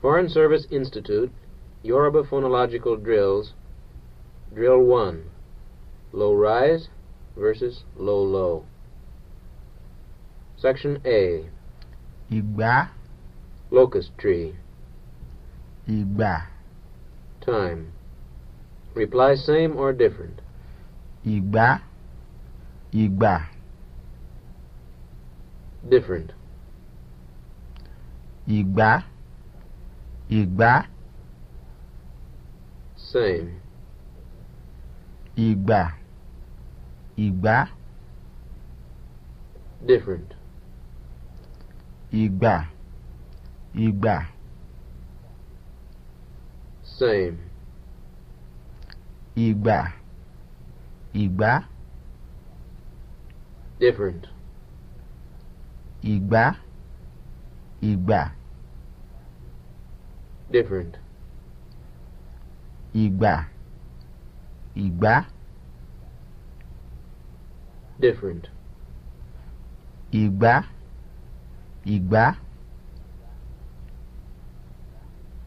Foreign Service Institute, Yoruba Phonological Drills, Drill 1, Low Rise versus Low Low. Section A. Igba. Locust tree. Igba. Time. Reply same or different. Igba. Igba. Different. Igba ìgbà. same. ìgbà ìgbà. different. ìgbà ìgbà. same. ìgbà ìgbà. different. ìgbà ìgbà. different. Ìgbà. Ìgbà. Different. Ìgbà. Ìgbà.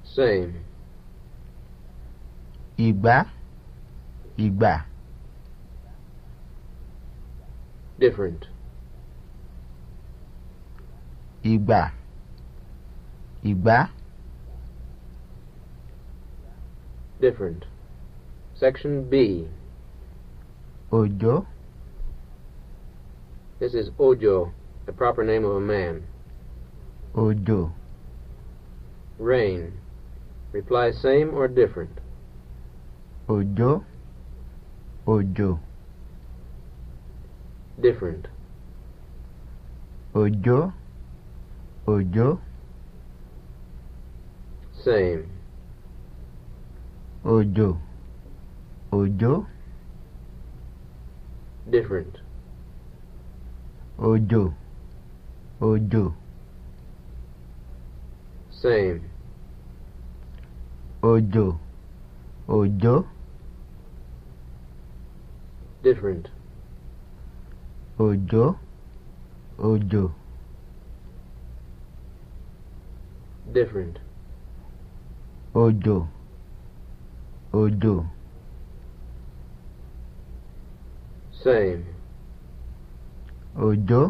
Same. Ìgbà. Ìgbà. Different. Ìgbà. Ìgbà. different. Section B. Ojo. This is Ojo, the proper name of a man. Ojo. Rain. Reply same or different. Ojo. Ojo. Different. Ojo. Ojo. Same. Ojo. Ojo. Different. Ojo. Ojo. Same. Ojo. Ojo. Different. Ojo. Ojo. Different. Ojo. odò. same. òjò.